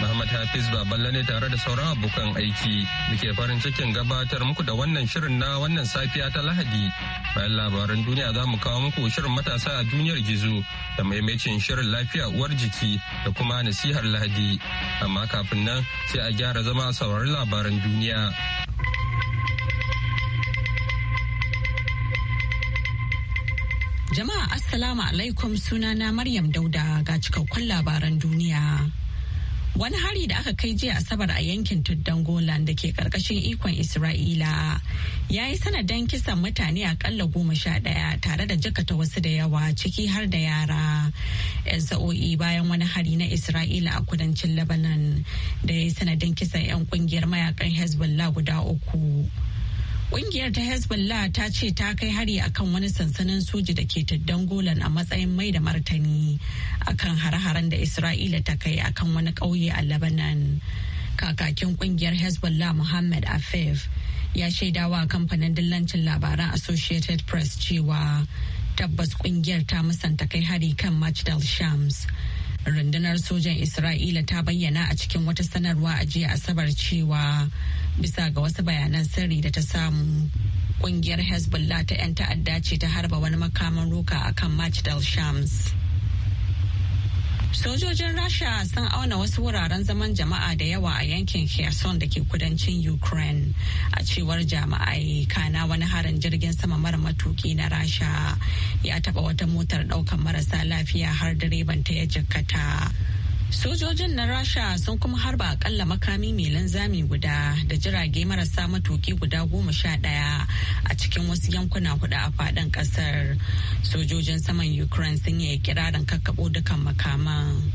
Muhammad Hafiz Baballe ne tare da sauran abokan aiki muke farin cikin gabatar muku da wannan shirin na wannan safiya ta Lahadi. Bayan labaran duniya za mu kawo muku shirin matasa a duniyar gizo da maimacin shirin lafiya uwar jiki da kuma nasihar Lahadi. Amma kafin nan sai a gyara zama a labaran duniya. Jama'a Assalamu alaikum sunana Maryam Dauda ga cikakkun labaran duniya. Wani hari da aka kai jiya Asabar a yankin tuddan Golan da ke karkashin ikon Isra'ila ya yi sanadin kisan mutane akalla goma sha ɗaya tare da jakata wasu da yawa ciki har da yara. Yan sa'o'i bayan wani hari na Isra'ila a kudancin Lebanon da ya yi sanadin kisan 'yan kungiyar mayakan Hezbollah guda uku. Ƙungiyar ta Hezbollah ta ce ta kai hari akan wani sansanin soji da ke ta dangolan a matsayin mai da martani akan hare-haren da Isra'ila ta kai akan wani ƙauye a Lebanon. Kakakin ƙungiyar Hezbollah Muhammad Afef ya shaidawa kamfanin dillancin labaran Associated Press cewa tabbas ƙungiyar ta musanta kai hari kan Majdal Shams. rundunar sojan isra'ila ta bayyana a cikin wata sanarwa a jiya asabar cewa bisa ga wasu bayanan sirri da ta samu kungiyar hezbollah ta 'yan ta'adda ce ta harba wani makaman roka akan machdal shams Sojojin Rasha sun auna wasu wuraren zaman jama'a da yawa a yankin Kherson da ke kudancin Ukraine a cewar jama'ai kana wani harin jirgin sama mara matuki na Rasha ya taba wata motar daukan marasa lafiya har direban ta ya jikkata. Sojojin na Rasha sun kuma harba akalla makami mai linzami guda da jirage marasa matuki guda goma sha ɗaya a cikin wasu yankuna hudu a faɗin ƙasar. Sojojin saman Ukraine sun yi kirarin kakkaɓo dukan makaman.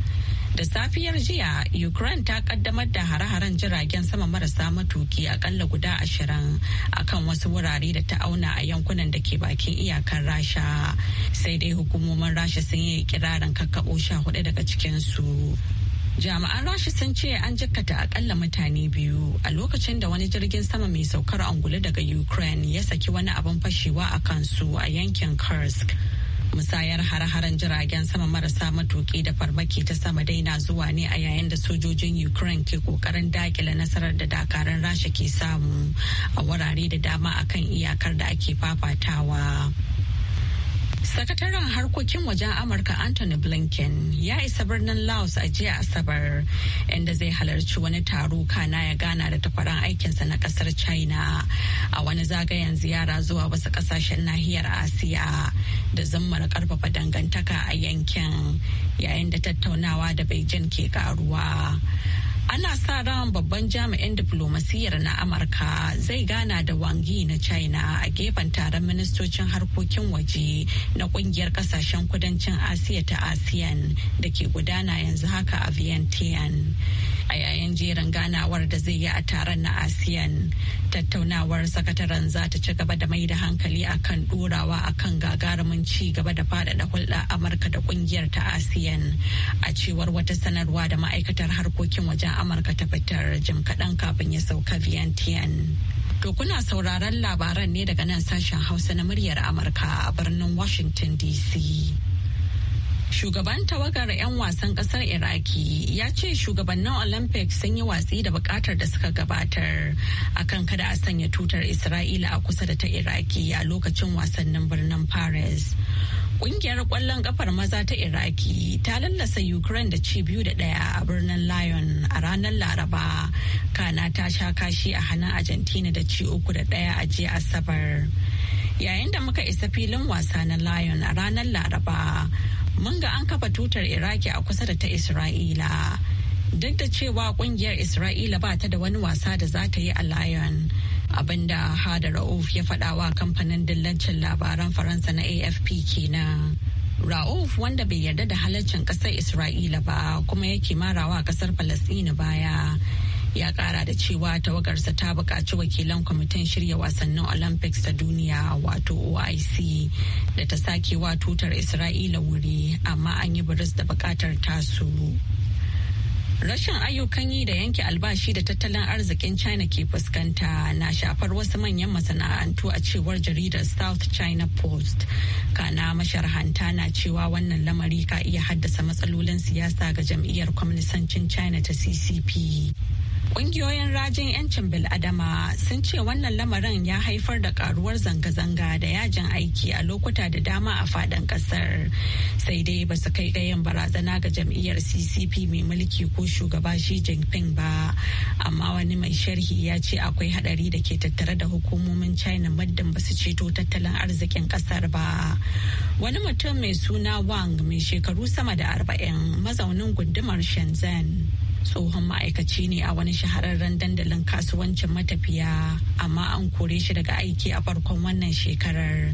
Da safiyar jiya, Ukraine ta kaddamar da hare-haren jiragen sama marasa matuki akalla guda ashirin akan wasu wurare da ta auna a yankunan da ke bakin iyakar Rasha. Sai dai hukumomin Rasha sun yi kirarin kakkaɓo sha hudu daga cikinsu. jami'an rasha sun ce an jikkata akalla mutane biyu a lokacin da wani jirgin sama mai saukar angulu daga ukraine ya saki wani abin fashewa a kansu a yankin kursk musayar hare-haren jiragen sama marasa matuƙi da farmaki ta sama dai na zuwa ne a yayin da sojojin ukraine ke ƙoƙarin dakila nasarar da dakarun rasha ke samu a wurare da dama akan iyakar da ake fafatawa Sakataren harkokin wajen Amurka Anthony Blinken ya isa birnin Laos a jiya Asabar inda zai halarci wani taro kana ya gana da takwaran aikinsa na kasar China a wani zagayen ziyara zuwa wasu kasashen nahiyar Asiya da zammar karfafa dangantaka a yankin yayin da tattaunawa da Beijing ke karuwa. ana sa ran babban jami'in diflomasiyyar na amurka zai gana da wangi na china a gefen taron ministocin harkokin waje na kungiyar kasashen kudancin asiya ta asiyan da ke gudana yanzu haka a vientiane a yayin jerin ganawar da zai yi a taron na asiyan tattaunawar sakataren za ta ci gaba da mai da hankali akan dorawa kan gagarumin ci gaba da faɗaɗa hulɗa amurka da kungiyar ta asiyan a cewar wata sanarwa da ma'aikatar harkokin wajen Amurka ta fitar jim kaɗan kafin ya sauka Vientiane. To kuna sauraron labaran ne daga nan sashen Hausa na muryar Amurka a birnin Washington DC. Shugaban tawagar 'yan wasan kasar Iraki ya ce shugabannin Olympics sun yi watsi da bukatar da suka gabatar akan kada a sanya tutar Isra'ila a kusa da ta Iraki a lokacin wasannin birnin Paris. Kungiyar kwallon kafar maza ta Iraki ta lallasa Ukraine da ci biyu da ɗaya a birnin Lyon a ranar Laraba. Kana ta sha kashi a hannun Argentina da ci uku da ɗaya a jiya Asabar. Yayin da muka isa filin wasa na Lyon a ranar Laraba, mun ga an kafa tutar Iraki a kusa da ta Isra'ila. Duk da cewa kungiyar Isra'ila ba ta da wani wasa da za ta yi a Lyon. Abin da hada ra'uf ya faɗawa kamfanin dillancin labaran faransa na afp kenan Ra'uf wanda bai yarda da halaccin ƙasar Isra'ila ba kuma yake marawa ƙasar Falasɗina baya. Ya ƙara da cewa tawagarsa ta buƙaci wakilan kwamitin shirya wasannin Olympics ta duniya wato OIC da ta sake wa tutar Isra'ila wuri amma an yi buris da buƙatar tasu. Rashin ayyukan yi da yanke albashi da tattalin arzikin China ke fuskanta na shafar wasu manyan masana'antu a cewar jaridar South China Post. Kana masharhanta na cewa wannan lamari ka iya haddasa matsalolin siyasa ga jam'iyyar kwamnisancin China ta CCP. Ƙungiyoyin rajin 'yancin bil'adama sun ce wannan lamarin ya haifar da karuwar zanga-zanga da yajin aiki a lokuta da dama a faɗin ƙasar. Sai dai ba su kai gayan barazana ga jam'iyyar CCP mai mulki ko shugaba Xi Jinping ba amma wani mai sharhi ya ce akwai hadari da ke tattare da hukumomin China muddin ba su ceto tattalin arzikin kasar ba wani mutum mai suna Wang mai shekaru sama da arba'in mazaunin gundumar Shenzhen tsohon ma'aikaci ne a wani shahararren dandalin kasuwancin matafiya amma an kore shi daga aiki a farkon wannan shekarar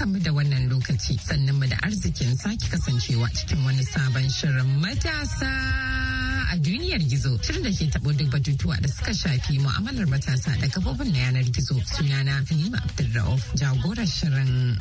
barkanmu da wannan lokaci sannan mu da arzikin sake kasancewa cikin wani sabon shirin matasa a duniyar gizo shirin da ke tabo duk batutuwa da suka shafi mu'amalar matasa da kafofin na yanar gizo sunana Halima Abdulrauf jagorar shirin.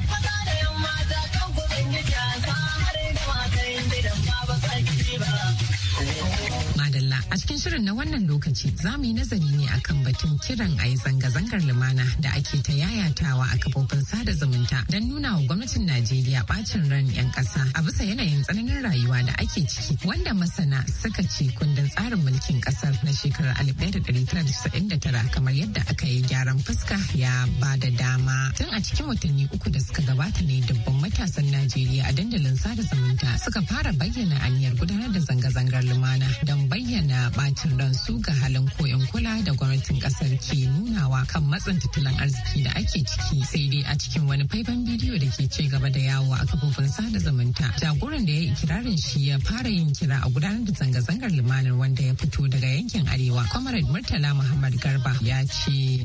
shirin na wannan lokaci za mu yi nazari ne akan batun kiran a yi zanga-zangar lumana da ake ta yayatawa a kafofin sada zumunta don nuna wa gwamnatin Najeriya bacin ran 'yan kasa a bisa yanayin tsananin rayuwa da ake ciki wanda masana suka ce kundin tsarin mulkin kasar na shekarar 1999 kamar yadda aka yi gyaran fuska ya ba da dama tun a cikin watanni uku da suka gabata ne dubban matasan Najeriya a dandalin sada zumunta suka fara bayyana aniyar gudanar da zanga-zangar lumana don bayyana ɓacin ransu ga halin koyon kula da gwamnatin ƙasar ke nunawa kan matsin tattalin arziki da ake ciki sai dai a cikin wani faifan bidiyo da ke ce gaba da yawo a kafofin sada zumunta jagoran da ya yi kirarin shi ya fara yin kira a gudanar da zanga-zangar limanin wanda ya fito daga yankin arewa comrade murtala muhammad garba ya ce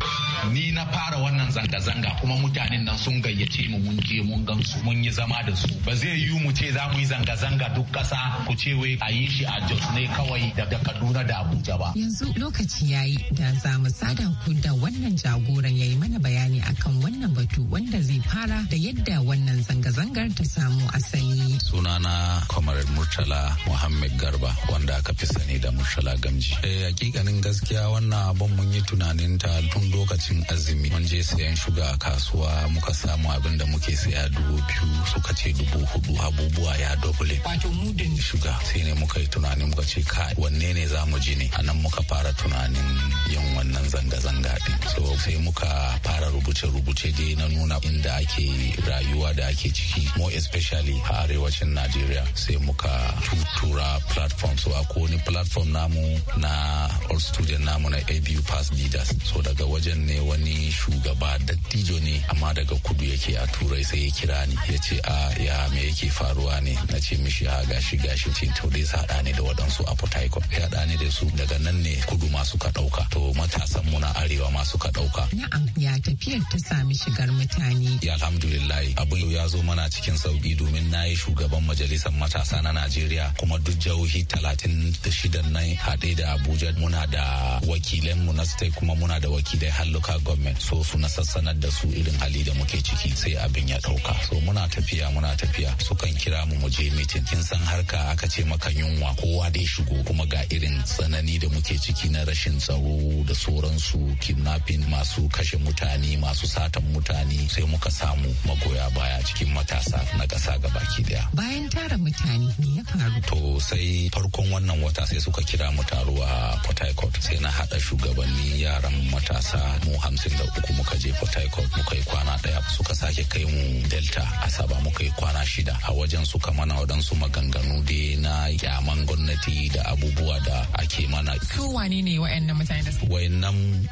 ni na fara wannan zanga-zanga kuma mutanen nan sun gayyace mu mun je mun su mun yi zama da su ba zai yiwu mu ce za mu yi zanga-zanga duk kasa ku ce wai a yi shi a jos ne kawai da kaduna da da Abuja ba. Yanzu lokaci ya yi da za mu sada ku da wannan jagoran ya yi mana bayani akan wannan batu wanda zai fara da yadda wannan zanga-zangar ta samu asali. Sunana kamar Murtala Muhammad Garba wanda aka fi sani da Murtala Gamji. Eh hakikanin gaskiya wannan abin mun yi tunanin ta tun lokacin azumi mun je sayan shuga a kasuwa muka samu abin da muke saya dubu biyu suka ce dubu hudu abubuwa ya dubule. Wato mudin shuga sai ne muka yi tunanin muka ce kai wanne ne za mu waje ne a nan muka fara tunanin yin wannan zanga-zanga din so sai muka fara rubuce-rubuce dai na nuna inda ake rayuwa da ake ciki more especially a arewacin najeriya sai muka tutura platform so ko wani platform namu na all student namu na abu past leaders so daga wajen ne wani shugaba dattijo ne amma daga kudu yake a turai sai ya kira ni ya ce a ya me yake faruwa ne na ce mishi ha gashi gashi ce to dai sa da waɗansu a port harcourt ya da ni da su daga nan ne kudu ma ka ɗauka to matasan mu na arewa ma ka ɗauka. Na'am ya tafiyar ta sami shigar mutane. Ya alhamdulillah abin ya zo mana cikin sauki domin na yi shugaban majalisar matasa na Najeriya kuma duk jihohi talatin da nan haɗe da Abuja muna da wakilan mu na state kuma muna da wakilai har local government so su na sassanar da su irin hali da muke ciki sai abin ya ɗauka so muna tafiya muna tafiya sukan kira mu mu je mitin kin san harka aka ce maka yunwa kowa dai shigo kuma ga irin tsanani da muke ciki na rashin tsaro da sauransu kidnapping masu kashe mutane masu satan mutane sai muka samu magoya baya cikin matasa na ƙasa gabaki daya bayan tara mutane me ya faru to sai farkon wannan wata sai suka kira mu taro a port sai na haɗa shugabanni yaran matasa mu hamsin da uku muka je port harcourt muka yi kwana ɗaya suka sake kai mu delta asaba muka yi kwana shida a wajen suka mana waɗansu maganganu dai na kyaman gwamnati da abubuwa da ake ake mana su wane ne mutane da su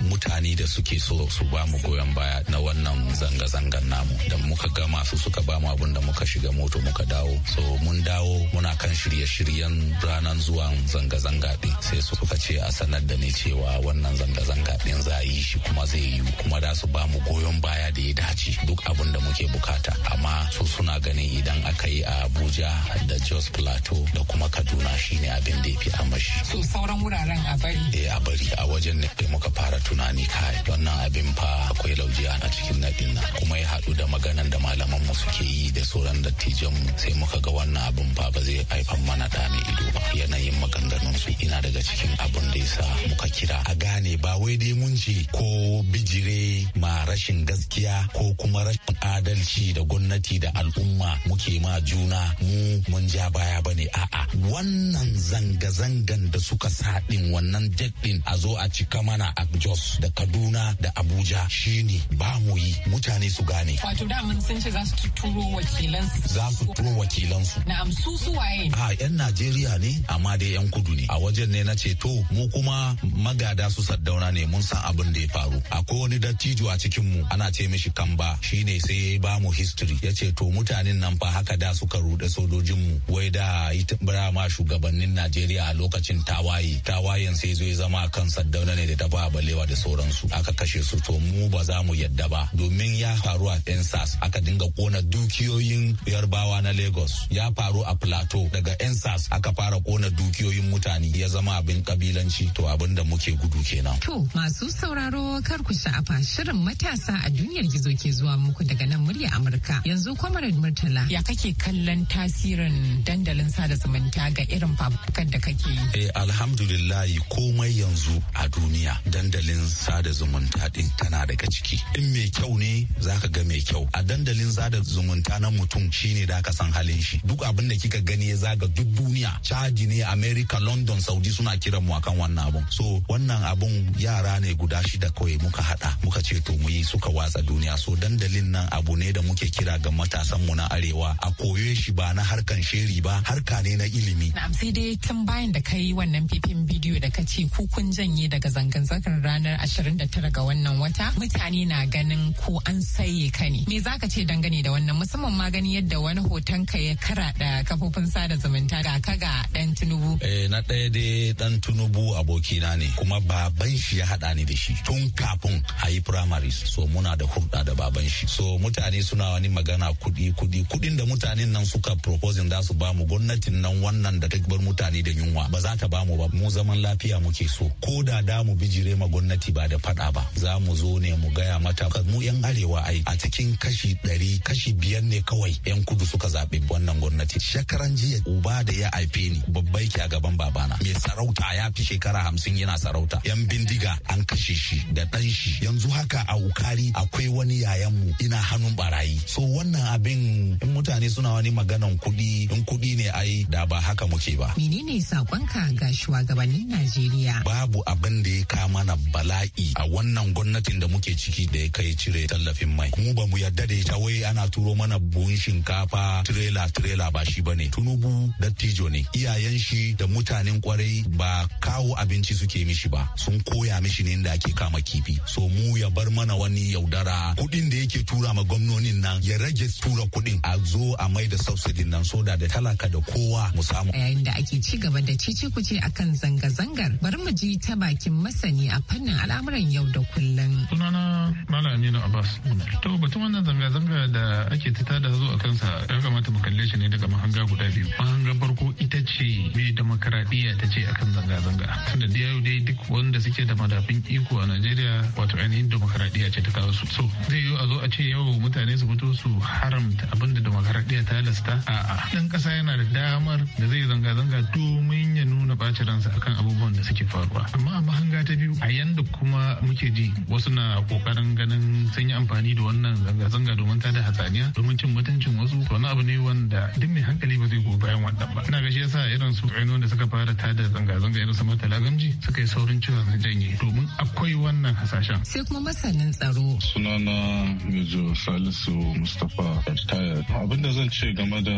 mutane da suke so su ba mu goyon baya na wannan zanga-zangan namu da muka ga masu suka ba mu abin da muka shiga moto muka dawo so mun dawo muna kan shirye-shiryen ranar zuwan zanga-zanga din sai suka ce a sanar da ni cewa wannan zanga-zanga din za yi shi kuma zai yi kuma da su ba mu goyon baya da ya dace duk abun da muke bukata amma su suna ganin idan aka yi a abuja da jos plateau da kuma kaduna shine abin da ya fi amashi. sauran wuraren a bari eh a bari a wajen ne kai muka fara tunani kai wannan abin fa akwai laujiya a cikin nadin nan kuma ya haɗu da maganan da malaman mu suke yi da sauran dattijan mu sai muka ga wannan abin fa ba zai haifan mana da mai ido ba yanayin maganganun su ina daga cikin abin da yasa muka kira a gane ba wai dai mun ce ko bijire ma rashin gaskiya ko kuma rashin adalci da gwamnati da al'umma muke ma juna mu mun ja baya bane a'a wannan zanga-zangan da suka Saɗin wannan jet din a zo a cika mana a Jos da Kaduna da Abuja shine ba mu yi mutane su gane. Wato da mun sun ce za su turo wakilansu. su. Za su turo wakilan Na amsu su waye? Ha yan Najeriya ne amma dai yan kudu ne. A wajen ne na ce to mu kuma magada su saddauna ne mun san abin da ya faru. Akwai wani dattijo a cikin mu ana ce mishi kamba shine sai ya ba mu history ya ce to mutanen nan fa haka da suka rude sojojin mu wai da ita ma shugabannin Najeriya a lokacin tawaye ta tawayen sai zo ya zama kan saddauna ne da ta ba balewa da sauransu aka kashe su to mu ba za mu yadda ba domin ya faru a ensas aka dinga kona dukiyoyin yarbawa na lagos ya faru a plateau daga ensas aka fara kona dukiyoyin mutane ya zama abin kabilanci to abin da muke gudu kenan to masu sauraro kar ku sha'afa shirin matasa a duniyar gizo ke zuwa muku daga nan murya amurka yanzu kwamarin murtala ya kake kallon tasirin dandalin sada zumunta ga irin fafukan da kake yi eh, alhamdulillahi komai yanzu a duniya dandalin sada zumunta din tana daga ciki in mai kyau ne za ka ga mai kyau a dandalin sada zumunta na mutum shine da aka san halin shi duk abin da kika gani ya zaga duk duniya caji ne america london saudi suna kiran mu akan wannan abun so wannan abun yara ne guda shida kawai muka hada muka ce to mu yi suka watsa duniya so dandalin nan abu ne da muke kira ga matasan mu na arewa a koyo shi ba na harkan sheri ba harka ne na ilimi na sai dai tun bayan da kai wannan faifin bidiyo da ka ce ku kun janye daga zanga-zangar ranar 29 ga wannan wata mutane na ganin ko an saye ka ne me zaka ce dangane da wannan musamman ma gani yadda wani hoton ka ya karaɗa kafofin sada zumunta ga ka ga dan tunubu eh na ɗaya dai dan tunubu abokina ne kuma baban shi ya haɗa ni da shi tun kafin a yi primaries so muna da hulɗa da baban shi so mutane suna wani magana kuɗi kuɗi kuɗin da mutanen nan suka proposing za su bamu gwamnatin nan wannan da ta bar mutane da yunwa ba za ta bamu ba mu zaman lafiya muke so ko da da mu bijire ma gwamnati ba da fada ba za mu zo ne mu gaya mata mu yan arewa ai a cikin kashi ɗari kashi biyar ne kawai yan kudu suka zaɓi wannan gwamnati shekaran jiya uba da ya haife ni babbai ke a gaban babana mai sarauta ya fi shekara hamsin yana sarauta yan bindiga an kashe shi da ɗan shi yanzu haka a ukari akwai wani yayan mu. ina hannun barayi so wannan abin in mutane suna wani maganan kuɗi in kuɗi ne ai da ba haka muke ba menene sakonka ga shuwa shugabannin Najeriya. Babu abin da ya kama na bala'i a wannan gwamnatin da muke ciki da ya kai cire tallafin mai. Kuma ba mu yarda da ita wai ana turo mana buhun shinkafa tirela tirela ba shi bane. Tunubu dattijo ne. Iyayen shi da mutanen kwarai ba kawo abinci suke mishi ba. Sun koya mishi ne inda ake kama kifi. So mu ya bar mana wani yaudara kudin da yake tura ma gwamnonin nan ya rage tura kudin. a zo a mai da subsidy nan soda da talaka da kowa mu samu. Yayin da ake ci gaba da cici kuce akan zanga-zangar bari mu ji ta bakin masani a fannin al'amuran yau da kullum. Sunana Malam Aminu Abbas. To batun wannan zanga-zanga da ake ta tada zo a kansa ya kamata mu kalle shi ne daga mahanga guda biyu. Mahanga farko ita ce me demokaradiyya ta ce akan zanga-zanga. Tunda da yau dai duk wanda suke da madafin iko a Najeriya wato ainihin demokaradiyya ce ta kawo su. So zai yiwu a zo a ce yau mutane su fito su haramta abin da demokaradiyya ta halasta. A'a. Dan ƙasa yana da damar da zai zanga-zanga domin ya nuna bacin kansu akan abubuwan da suke faruwa amma a mahanga ta biyu a yanda kuma muke ji wasu na kokarin ganin sun yi amfani da wannan zanga-zanga domin ta da hatsaniya domin cin mutuncin wasu wani abu ne wanda duk mai hankali ba zai go bayan wannan ba ina ga shi yasa irin su ainihin da suka fara ta-da zanga-zanga irin su mata lagamji suka yi saurin cewa sun janye domin akwai wannan hasashen sai kuma masanin tsaro sunana Mijo Salisu Mustapha Tayar abin da zan ce game da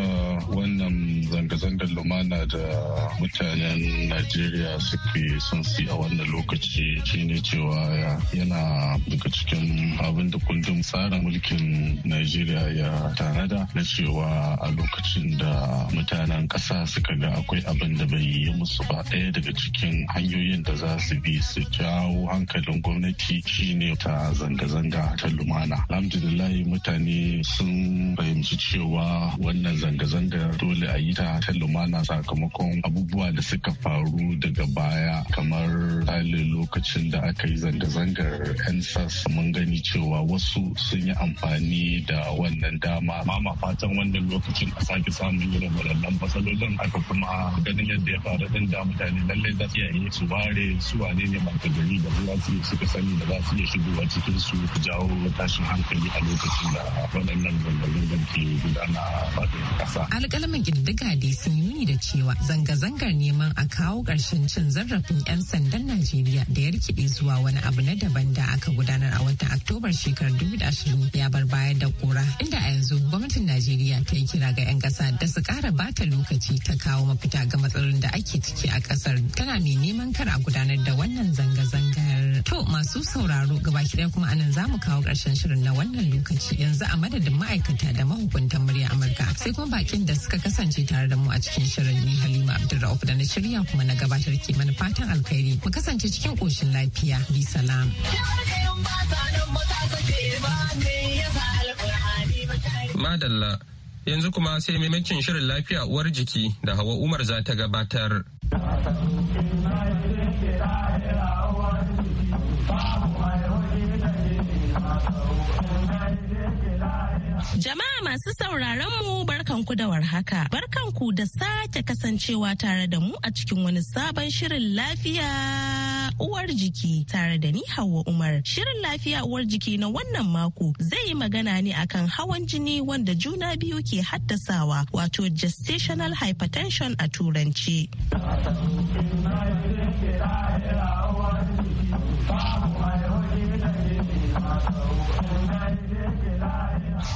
wannan zanga-zangar lumana da mutanen Najeriya najeriya suke son su a wannan lokaci shine cewa yana daga cikin abin da kundin tsarin mulkin najeriya ya tanada na cewa a lokacin da mutanen ƙasa suka ga akwai abin da bai yi musu ba ɗaya daga cikin hanyoyin da za su bi su jawo hankalin gwamnati shine ta zanga-zanga ta lumana alhamdulillah mutane sun fahimci cewa wannan zanga-zanga dole a yi ta ta lumana sakamakon abubuwa da suka faru abu daga baya kamar halin lokacin da aka yi zanga-zangar ensas mun gani cewa wasu sun yi amfani da wannan dama mama fatan wannan lokacin a sake samun irin waɗannan fasalolin aka kuma ganin yadda ya faru din da mutane lallai za su iya su bare su wane ne masu gari da za su suka sani da za su iya shigowa cikin su jawo tashin hankali a lokacin da waɗannan zanga-zangar ke gudana a faɗin ƙasa. alƙalamin ƙididdiga dai sun nuni da cewa zanga-zangar neman a kawo ƙarshen cin zarafin 'yan sandan Najeriya da ya rikide zuwa wani abu na daban da aka gudanar a watan Oktobar shekarar 2020 ya bar baya da kura inda a yanzu gwamnatin Najeriya ta yi kira ga 'yan ƙasa da su ƙara bata lokaci ta kawo mafita ga matsalolin da ake ciki a ƙasar tana mai neman kar a gudanar da wannan zanga-zangar. To masu sauraro gaba ɗaya kuma anan zamu kawo ƙarshen shirin na wannan lokaci yanzu a madadin ma'aikata da mahukuntan murya Amurka sai kuma bakin da suka kasance tare da mu a cikin shirin ni Halima Abdulrauf da na shirya kuma na gabatar ke mana fatan alkhairi mu kasance cikin ƙoshin lafiya bi salam. Madalla yanzu kuma sai maimakin shirin lafiya uwar jiki da hawa Umar za ta gabatar. Jama'a masu sauraron mu barkanku da warhaka. Barkanku da sake kasancewa tare da mu a cikin wani sabon shirin lafiya uwar jiki tare da ni Hauwa Umar. Shirin lafiya uwar jiki na wannan mako zai yi magana ne akan hawan jini wanda juna biyu ke haddasawa wato gestational hypertension a turanci.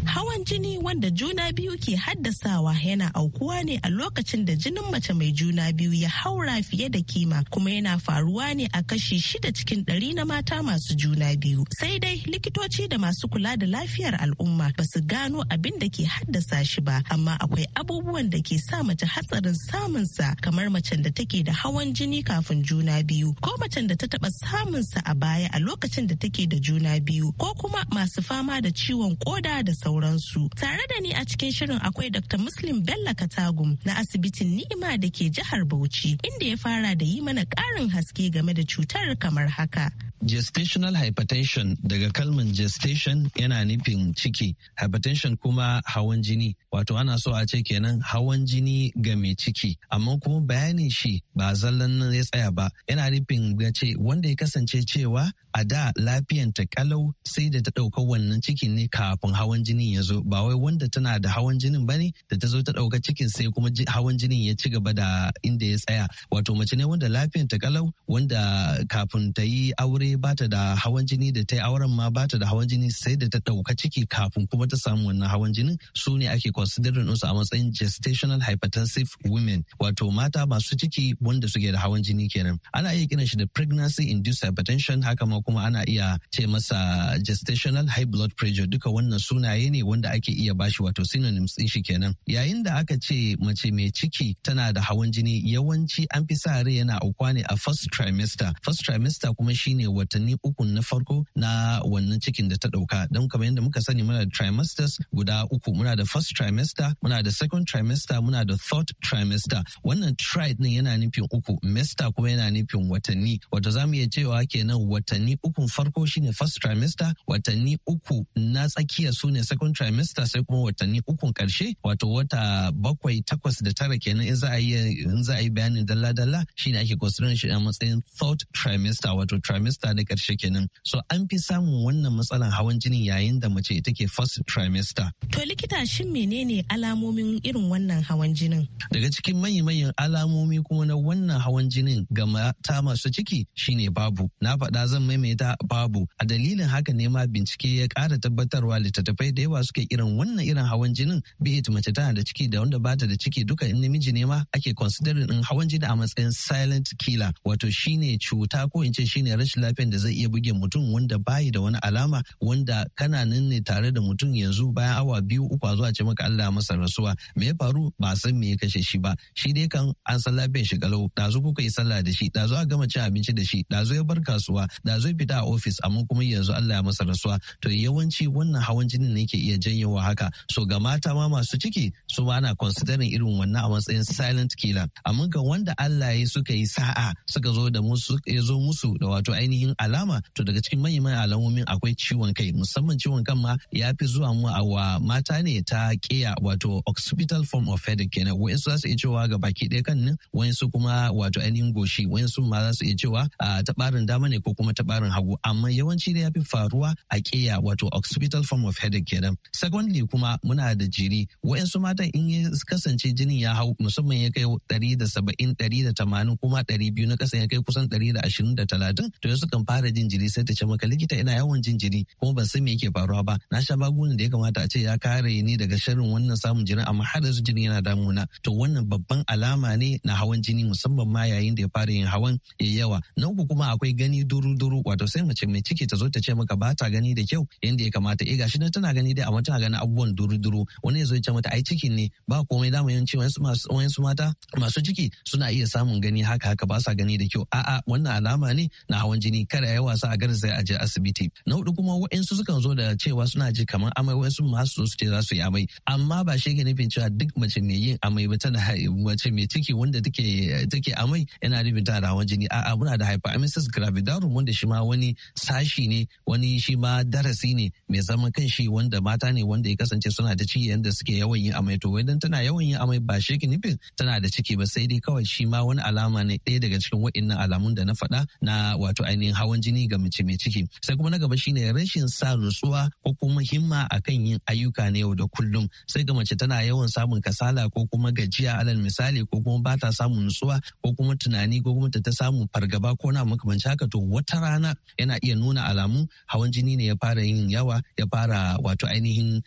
How jini wanda juna biyu ke haddasawa yana aukuwa ne a lokacin da jinin mace mai juna biyu ya haura fiye da kima kuma yana faruwa ne a kashi shida cikin ɗari na mata masu juna biyu. Sai dai likitoci da masu kula da lafiyar al'umma ba su gano abin da ke haddasa shi ba amma akwai abubuwan da ke sa mace hatsarin samunsa kamar macen da take da hawan jini kafin juna biyu ko macen da ta taba samun sa a baya a lokacin da take da juna biyu ko kuma masu fama da ciwon koda da sauransu. su. Tare da ni a cikin shirin akwai Dr. Muslim Bello Katagum na asibitin Ni'ima da ke jihar Bauchi inda ya fara da yi mana ƙarin haske game da cutar kamar haka. Gestational hypertension daga kalman gestation yana nufin ciki, hypertension kuma hawan jini, wato ana so a ce kenan hawan jini ga mai ciki, amma kuma bayanin shi ba zallan nan ya tsaya ba, yana nufin ce wanda ya kasance cewa a da lafiyanta kalau sai da ta ɗauka wannan cikin ne kafin hawan jini ya zo ba wai wanda tana da hawan jinin bane da ta zo ta ɗauka cikin sai kuma hawan jinin ya ci gaba da inda ya tsaya wato mace ne wanda lafiyar ta kalau wanda kafin ta yi aure ba ta da hawan jini da ta yi auren ma ba ta da hawan jini sai da ta dauka ciki kafin kuma ta samu wannan hawan jinin su ne ake considering su a matsayin gestational hypertensive women wato mata masu ciki wanda suke da hawan jini kenan ana iya kiran shi da pregnancy induced hypertension haka ma kuma ana iya ce masa gestational high blood pressure duka wannan sunaye ne wanda da ake iya bashi wato synonyms din shi kenan yayin da aka ce mace mai ciki tana da hawan jini yawanci an fi sa rai yana aukwa ne a first trimester first trimester kuma shine watanni uku na farko na wannan cikin da ta dauka don kamar yadda muka sani muna da trimesters guda uku muna da first trimester muna da second trimester muna da third trimester wannan tri din yana nufin uku mester kuma yana nufin watanni wato zamu iya cewa kenan watanni ukun farko shine first trimester watanni uku na tsakiya su ne second trimester semester sai kuma watanni ukun karshe wato wata bakwai takwas da tara kenan in za a yi in za a yi bayanin dalla dalla shine ake considering shi a matsayin third trimester wato trimester na karshe kenan so an fi samun wannan matsalan hawan jinin yayin da mace ita ke first trimester to likita shin menene alamomin irin wannan hawan jinin daga cikin manyan manyan alamomi kuma na wannan hawan jinin ga mata masu ciki shine babu na faɗa zan maimaita babu a dalilin haka ne ma bincike ya kara tabbatarwa littattafai da yawa suke irin wannan irin hawan jinin bi it mace tana da ciki da wanda bata da ciki duka in namiji ne ma ake considering din hawan jini a matsayin silent killer wato shine cuta ko in ce shine rashin lafiyar da zai iya buge mutum wanda bayi da wani alama wanda kana nan ne tare da mutum yanzu bayan awa biyu uku a zuwa ce maka Allah ya masa rasuwa me ya faru ba san me ya kashe shi ba shi dai kan an san lafiyar shi galau dazu kuka yi sallah da shi dazu a gama cin abinci da shi dazu ya bar kasuwa dazu ya fita a ofis amma kuma yanzu Allah ya masa rasuwa to yawanci wannan hawan jinin ne ke iya janyo yawa haka so ga mata ma masu ciki su ma ana considering irin wannan a matsayin silent killer amma ga wanda Allah ya suka yi sa'a suka zo da musu ya zo musu da wato ainihin alama to daga cikin manyan alamomin akwai ciwon kai musamman ciwon kan ma ya fi zuwa mu a wa mata ne ta kiya wato occipital form of headache kenan wayansu za su iya cewa ga baki ɗaya kan nan wayansu kuma wato ainihin goshi wayansu ma za su iya cewa ta dama ne ko kuma ta hagu amma yawanci da ya fi faruwa a kiya wato occipital form of headache kenan secondly kuma muna da jiri wa'yansu matan in ya kasance jinin ya hau musamman ya kai ɗari da saba'in ɗari da tamanin kuma ɗari biyu na kasan ya kai kusan ɗari da ashirin da talatin to yanzu kan fara jin jiri sai ta ce maka likita ina yawan jin jiri kuma ban san me yake faruwa ba na sha magungunan da ya kamata a ce ya kare ni daga sharrin wannan samun jini amma har yanzu jini yana damuna to wannan babban alama ne na hawan jini musamman ma yayin da ya fara yin hawan ya yawa na uku kuma akwai gani duru duru wato sai mace mai ciki ta zo ta ce maka ba ta gani da kyau yanda ya kamata eh gashi nan tana gani dai amma tana za ganin abubuwan duru-duru wani ya ce mata ai cikin ne ba komai dama yanci wayansu mata masu ciki suna iya samun gani haka haka ba sa gani da kyau a'a wannan alama ne na hawan jini kada ya wasa a sai a je asibiti na hudu kuma wayansu sukan zo da cewa suna ji kamar amai wayansu masu su ce za su yi amai amma ba shi ke nufin cewa duk mace mai yin amai ba tana mace mai ciki wanda take take amai yana nufin ta da hawan jini a'a muna da hyperemesis gravidarum wanda shi ma wani sashi ne wani shi ma darasi ne mai zaman kan shi wanda mata ne wanda ya kasance suna da ciki yadda suke yawan yin amai to idan tana yawan yin amai ba shi nufin tana da ciki ba sai dai kawai shi ma wani alama ne ɗaya daga cikin wa'innan alamun da na faɗa na wato ainihin hawan jini ga mace mai ciki sai kuma na gaba shi ne rashin sa nutsuwa ko kuma himma akan yin ayyuka na yau da kullum sai ga mace tana yawan samun kasala ko kuma gajiya alal misali ko kuma ba ta samun nutsuwa ko kuma tunani ko kuma ta samun fargaba ko na makamanci haka to wata rana yana iya nuna alamun hawan jini ne ya fara yin yawa ya fara wato ainihin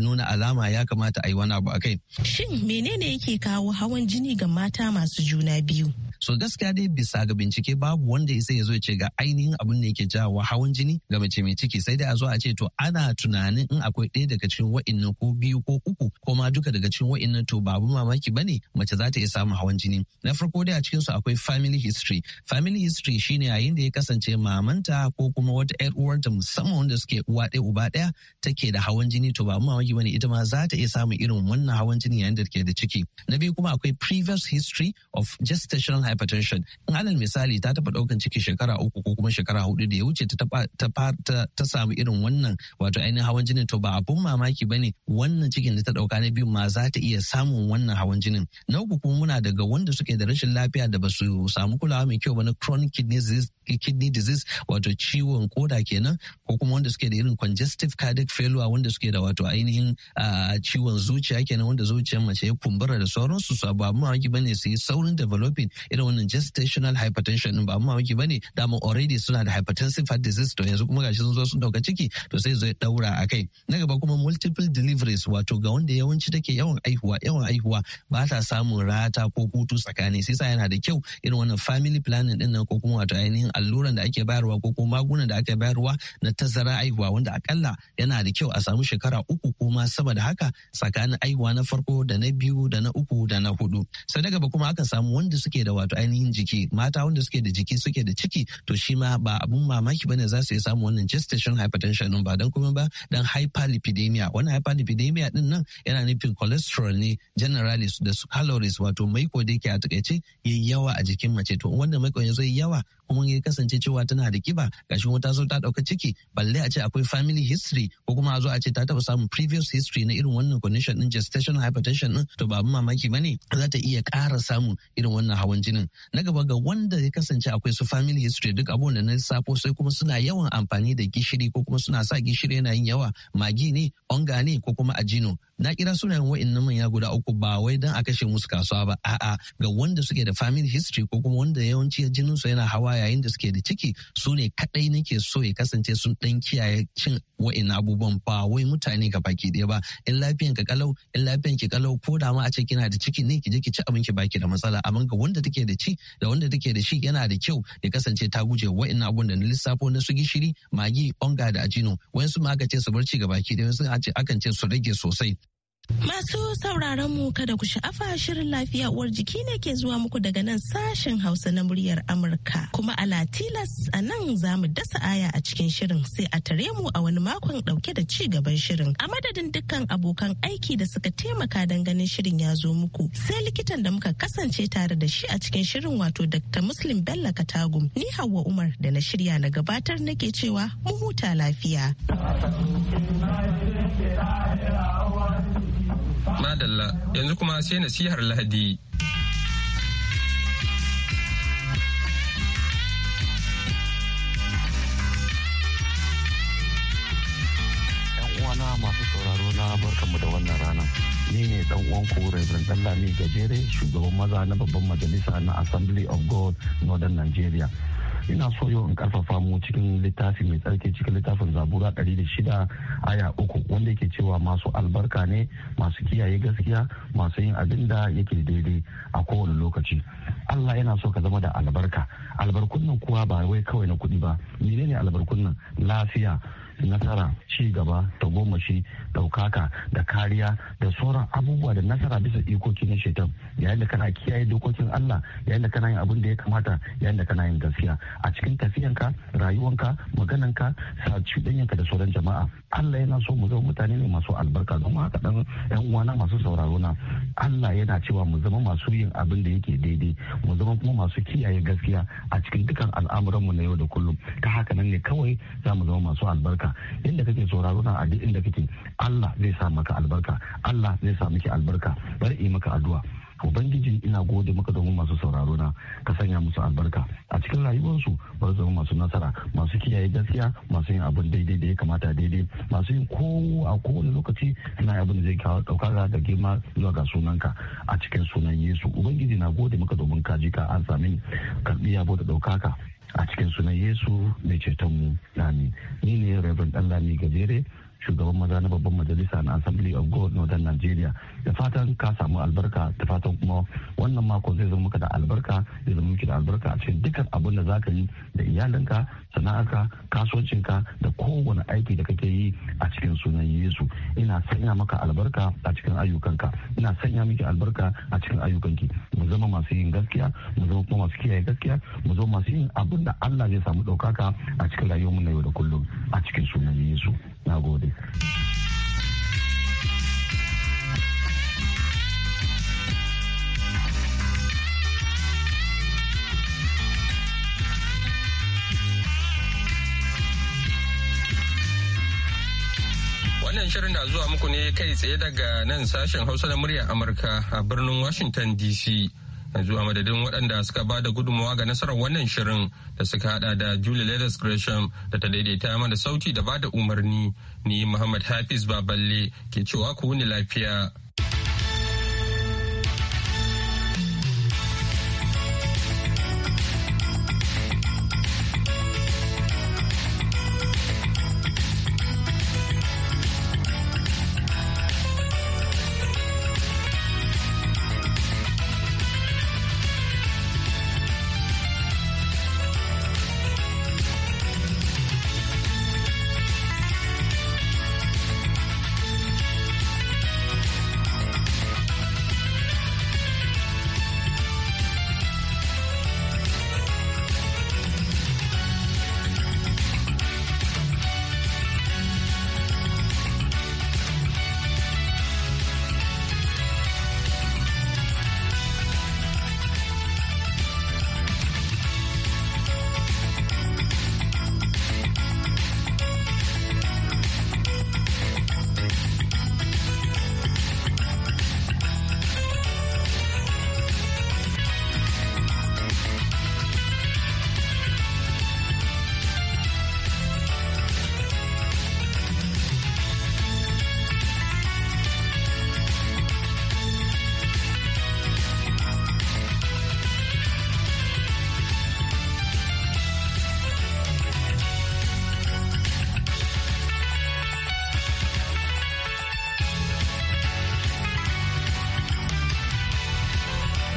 nuna alama ya kamata a yi wani abu a kai. Shin menene yake kawo hawan jini ga mata masu juna biyu? so gaskiya dai bisa ga bincike babu wanda sai ya zo ya ce ga ainihin abin da yake jawo hawan jini ga mace mai ciki sai dai a zo a ce to ana tunanin in akwai ɗaya daga cikin wa'innan ko biyu ko uku ko ma duka daga cikin wa'innan to babu mamaki bane mace za ta iya samun hawan jini na farko dai a cikin su akwai family history family history shine yayin da ya kasance mamanta ko kuma wata yar uwarta musamman wanda suke uwa ɗaya uba ɗaya take da hawan jini to babu mamaki bane ita ma za ta iya samun irin wannan hawan jini yayin da take da ciki na biyu kuma akwai previous history of gestational hypertension in alal misali ta tafa ɗaukan ciki shekara uku ko kuma shekara hudu da ya wuce ta samu irin wannan wato ainihin hawan jinin to ba abun mamaki ba wannan cikin da ta dauka na biyu ma za ta iya samun wannan hawan jinin na uku kuma muna daga wanda suke da rashin lafiya da ba su samu kulawa mai kyau ba na chronic kidney disease wato ciwon koda kenan ko kuma wanda suke da irin congestive cardiac failure wanda suke da wato ainihin ciwon zuciya kenan wanda zuciyar mace ya kumbura da sauransu su ba mamaki bane su yi saurin developing irin wannan gestational hypertension ba mu mamaki bane dama already suna da hypertensive heart disease to yanzu kuma gashi sun zo sun dauka ciki to sai zai daura a kai na gaba kuma multiple deliveries wato ga wanda yawanci take yawan aihuwa yawan aihuwa ba ta samun rata ko hutu tsakani sai sa yana da kyau irin wannan family planning din nan ko kuma wato ainihin alluran da ake bayarwa ko kuma magunan da ake bayarwa na tazara aihuwa wanda akalla yana da kyau a samu shekara uku ko ma sama da haka tsakanin aihuwa na farko da na biyu da na uku da na hudu sai daga ba kuma aka samu wanda suke da wato ainihin jiki mata wanda suke da jiki suke da ciki to shi ma ba abun mamaki bane za su iya samu wannan gestation hypertension ba dan kuma ba dan hyperlipidemia wannan hyperlipidemia din nan yana nufin cholesterol ne generally da calories wato maiko da yake a takaice yayi yawa a jikin mace to wannan maikon ya zo yawa kuma ya kasance cewa tana da kiba gashi wata zo ta dauka ciki balle a ce akwai family history ko kuma a zo a ce ta taba samun previous history na irin wannan condition din gestational hypertension din to ba mamaki bane za ta iya ƙara samun irin wannan hawan jinin na gaba ga wanda ya kasance akwai su family history duk abun da na lissafo sai kuma suna yawan amfani da gishiri ko kuma suna sa gishiri yana yin yawa magi ne onga ne ko kuma ajino na kira sunayen wa'annan manya guda uku ba wai dan a kashe musu kasuwa ba a'a ga wanda suke da family history ko kuma wanda yawanci jinin su yana hawa yayin da suke da ciki su ne kaɗai nake so ya kasance sun ɗan kiyaye cin wa'in abubuwan ba wai mutane ga baki ɗaya ba in lafiyan ka kalau in lafiyan ki kalau ko da ma a ce kina da ciki ne ki je ki ci abin ki baki da matsala amma ga wanda take da ci da wanda take da shi yana da kyau ya kasance ta guje wa'in abubuwan da na lissafo na su gishiri magi onga da ajino wayansu ma aka ce su barci ga baki ɗaya ce akan ce su rage sosai Masu sauraron mu kada ku sha'afa shirin lafiya uwar jiki ne ke zuwa muku daga nan sashen Hausa na muryar Amurka. Kuma a Latilas a nan za mu dasa aya a cikin shirin sai a tare mu a wani makon dauke da ci gaban shirin. A madadin dukkan abokan aiki da suka taimaka don ganin shirin ya zo muku. Sai likitan da muka kasance tare da shi a cikin shirin wato Dr. Muslim Bello Katagum. Ni Hauwa Umar da na shirya na gabatar nake cewa mu huta lafiya. Madalla yanzu kuma sai nasihar Lahadi. 'yan uwana masu sauraro na barka mu da wannan rana ni ne dan uwanku Reverend Dallami Gajere shugaban maza na babban majalisa na Assembly of God Northern Nigeria ina so yau in karfafa mu cikin littafi mai tsarki cikin littafin zabura ɗari da shida aya uku wanda yake cewa masu albarka ne masu kiyaye gaskiya masu yin abin da yake daidai a kowane lokaci Allah yana so ka zama da albarka albarkun nan kuwa ba wai kawai na kuɗi ba menene albarkun nan lafiya nasara ci gaba tagomashi ɗaukaka da kariya da sauran abubuwa da nasara bisa ikoki na shaitan yayin da kana kiyaye dokokin Allah yayin da kana yin abin da ya kamata yayin da kana yin gaskiya a cikin tafiyanka rayuwanka magananka sa cuɗanyanka da sauran jama'a Allah yana so mu zama mutane ne masu albarka don haka dan yan uwana masu sauraro na Allah yana cewa mu zama masu yin abin da yake daidai mu zama kuma masu kiyaye gaskiya a cikin dukkan al'amuranmu na yau da kullum ta haka nan ne kawai za mu zama masu albarka inda kake sauraro na a duk inda kake Allah zai sa maka albarka Allah zai sa miki albarka bari yi maka addu'a ubangiji ina gode maka domin masu sauraro na ka sanya musu albarka a cikin rayuwarsu ba su zama masu nasara masu kiyaye gaskiya masu yin abin daidai da ya kamata daidai masu yin ko a kowane lokaci suna abin da zai kawo daukar da girma zuwa ga sunanka a cikin sunan yesu ubangiji na gode maka domin ka ji ka an sami karbi yabo da daukaka a cikin sunan yesu mai cetonmu mu ni. ni ne reverend ɗan lami gajere shugaban maza na babban majalisa na assembly of god northern nigeria da fatan ka samu albarka da fatan kuma wannan mako zai zama maka da albarka zai zama miki da albarka a cikin dukkan abin da zaka yi da iyalinka sana'arka kasuwancinka da kowane aiki da kake yi a cikin sunan yesu ina sanya maka albarka a cikin ayyukanka ina sanya miki albarka a cikin ayyukanki mu zama masu yin gaskiya mu zama kuma masu kiyaye gaskiya mu zama masu yin abin da allah zai samu ɗaukaka a cikin rayuwarmu na yau da kullum a cikin sunan yesu na gode Wannan shirin na zuwa muku ne kai tsaye daga nan sashen Hausa na murya Amurka a birnin Washington DC. yanzu a madadin waɗanda suka ba da gudunmawa ga nasarar wannan shirin da suka hada da julie ladis gresham da ta daidaita mana sauti da ba da umarni ni muhammad hafiz baballe ke cewa ku wuni lafiya